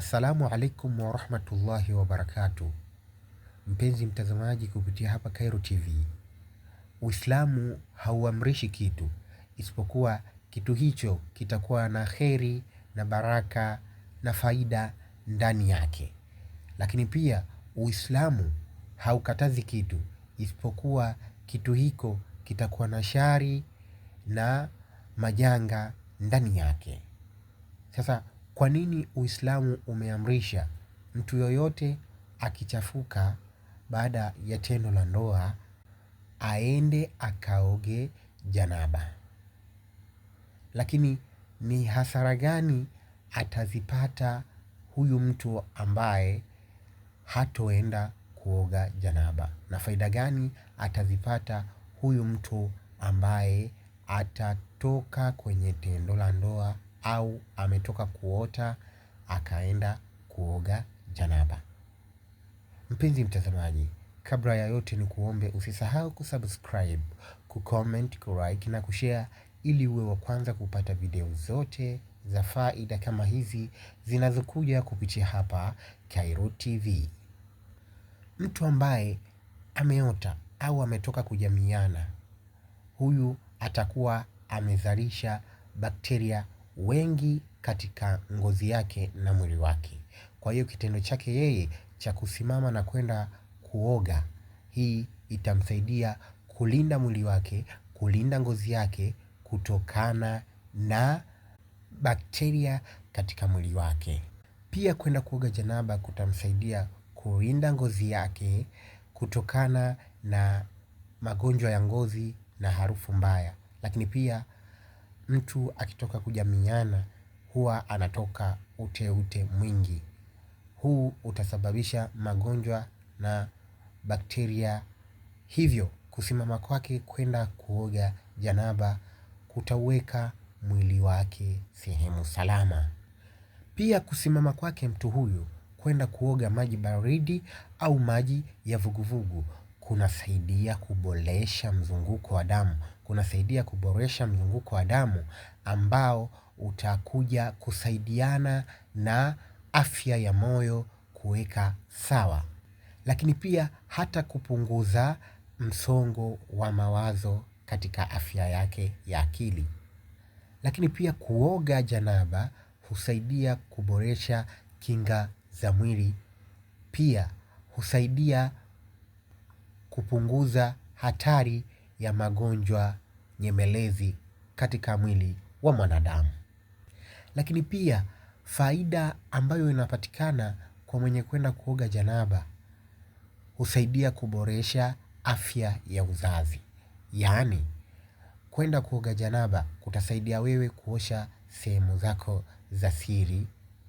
Assalamu alaikum warahmatullahi wabarakatu, mpenzi mtazamaji, kupitia hapa Khairo TV. Uislamu hauamrishi kitu isipokuwa kitu hicho kitakuwa na kheri na baraka na faida ndani yake, lakini pia Uislamu haukatazi kitu isipokuwa kitu hiko kitakuwa na shari na majanga ndani yake. Sasa kwa nini Uislamu umeamrisha mtu yoyote akichafuka baada ya tendo la ndoa aende akaoge janaba? Lakini ni hasara gani atazipata huyu mtu ambaye hatoenda kuoga janaba, na faida gani atazipata huyu mtu ambaye atatoka kwenye tendo la ndoa au ametoka kuota akaenda kuoga janaba. Mpenzi mtazamaji, kabla ya yote ni kuombe usisahau kusubscribe, kucomment, kulike na kushare ili uwe wa kwanza kupata video zote za faida kama hizi zinazokuja kupitia hapa Khairo TV. Mtu ambaye ameota au ametoka kujamiana, huyu atakuwa amezalisha bakteria wengi katika ngozi yake na mwili wake. Kwa hiyo kitendo chake yeye cha kusimama na kwenda kuoga hii itamsaidia kulinda mwili wake, kulinda ngozi yake kutokana na bakteria katika mwili wake. Pia kwenda kuoga janaba kutamsaidia kulinda ngozi yake kutokana na magonjwa ya ngozi na harufu mbaya. Lakini pia mtu akitoka kujamiana huwa anatoka uteute mwingi. Huu utasababisha magonjwa na bakteria hivyo kusimama kwake kwenda kuoga janaba kutaweka mwili wake sehemu salama. Pia kusimama kwake mtu huyu kwenda kuoga maji baridi au maji ya vuguvugu kunasaidia kuboresha mzunguko wa damu. Kunasaidia kuboresha mzunguko wa damu ambao utakuja kusaidiana na afya ya moyo kuweka sawa. Lakini pia hata kupunguza msongo wa mawazo katika afya yake ya akili. Lakini pia kuoga janaba husaidia kuboresha kinga za mwili. Pia husaidia kupunguza hatari ya magonjwa nyemelezi katika mwili wa mwanadamu. Lakini pia faida ambayo inapatikana kwa mwenye kwenda kuoga janaba husaidia kuboresha afya ya uzazi. Yaani, kwenda kuoga janaba kutasaidia wewe kuosha sehemu zako za siri,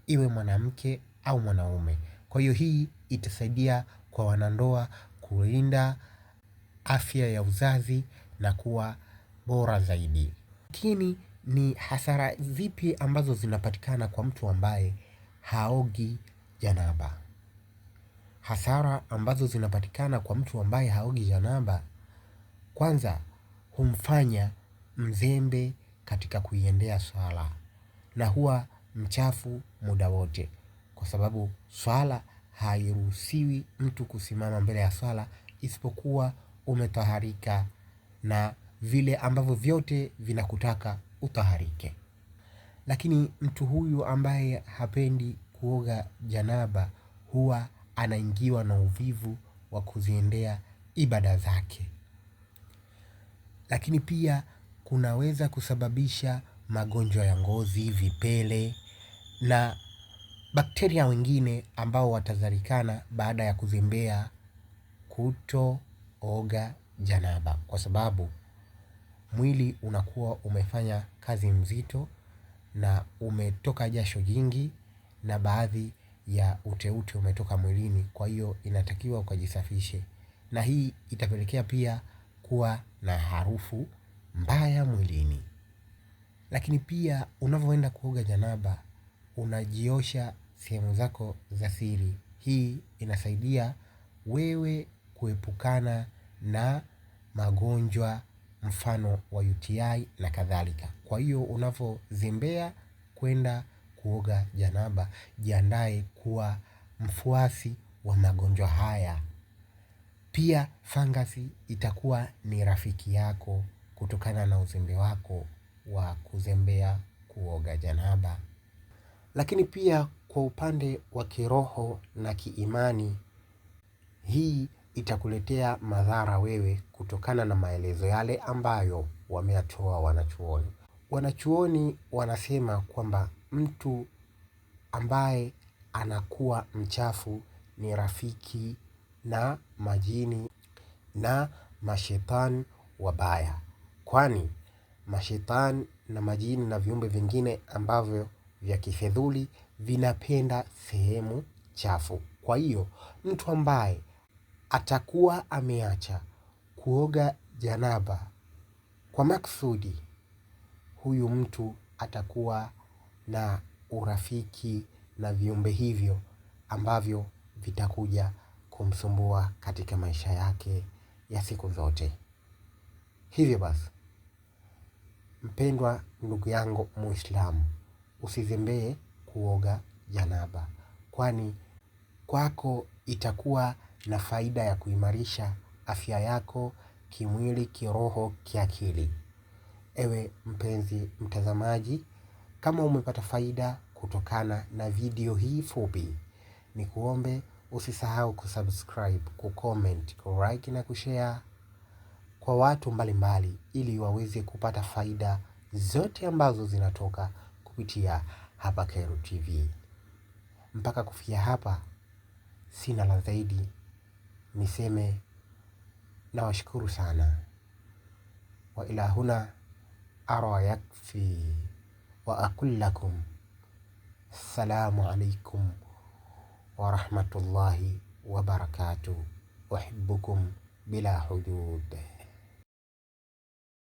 iwe mwanamke au mwanaume. Kwa hiyo hii itasaidia kwa wanandoa kulinda afya ya uzazi na kuwa bora zaidi. Lakini ni hasara zipi ambazo zinapatikana kwa mtu ambaye haogi janaba. Hasara ambazo zinapatikana kwa mtu ambaye haogi janaba. Kwanza humfanya mzembe katika kuiendea swala. Na huwa mchafu muda wote. Kwa sababu swala hairuhusiwi mtu kusimama mbele ya swala isipokuwa umetaharika na vile ambavyo vyote vinakutaka utaharike. Lakini mtu huyu ambaye hapendi kuoga janaba huwa anaingiwa na uvivu wa kuziendea ibada zake. Lakini pia kunaweza kusababisha magonjwa ya ngozi, vipele na bakteria wengine ambao watazalikana baada ya kuzembea kutooga janaba, kwa sababu mwili unakuwa umefanya kazi mzito na umetoka jasho jingi na baadhi ya uteute umetoka mwilini, kwa hiyo inatakiwa ukajisafishe, na hii itapelekea pia kuwa na harufu mbaya mwilini. Lakini pia unavyoenda kuoga janaba unajiosha sehemu zako za siri. Hii inasaidia wewe kuepukana na magonjwa mfano wa UTI na kadhalika. Kwa hiyo unavozembea kwenda kuoga janaba jiandae kuwa mfuasi wa magonjwa haya. Pia fangasi itakuwa ni rafiki yako kutokana na uzembe wako wa kuzembea kuoga janaba. Lakini pia kwa upande wa kiroho na kiimani, hii itakuletea madhara wewe kutokana na maelezo yale ambayo wameyatoa wanachuoni. Wanachuoni wanasema kwamba mtu ambaye anakuwa mchafu ni rafiki na majini na mashetani wabaya, kwani mashetani na majini na viumbe vingine ambavyo vya kifedhuli vinapenda sehemu chafu. Kwa hiyo mtu ambaye atakuwa ameacha kuoga janaba kwa maksudi, huyu mtu atakuwa na urafiki na viumbe hivyo ambavyo vitakuja kumsumbua katika maisha yake ya siku zote. Hivyo basi, mpendwa ndugu yangu Muislamu, usizembee kuoga janaba, kwani kwako itakuwa na faida ya kuimarisha afya yako kimwili, kiroho, kiakili. Ewe mpenzi mtazamaji, kama umepata faida kutokana na video hii fupi, ni kuombe usisahau kusubscribe, kucomment, kulike na kushare kwa watu mbalimbali, ili waweze kupata faida zote ambazo zinatoka kupitia hapa Khairo TV. Mpaka kufikia hapa, sina la zaidi, niseme nawashukuru sana. Wa ila huna ara yakfi wa aqul lakum assalamu alaikum wa rahmatullahi wa barakatuh, uhibbukum bila hudud.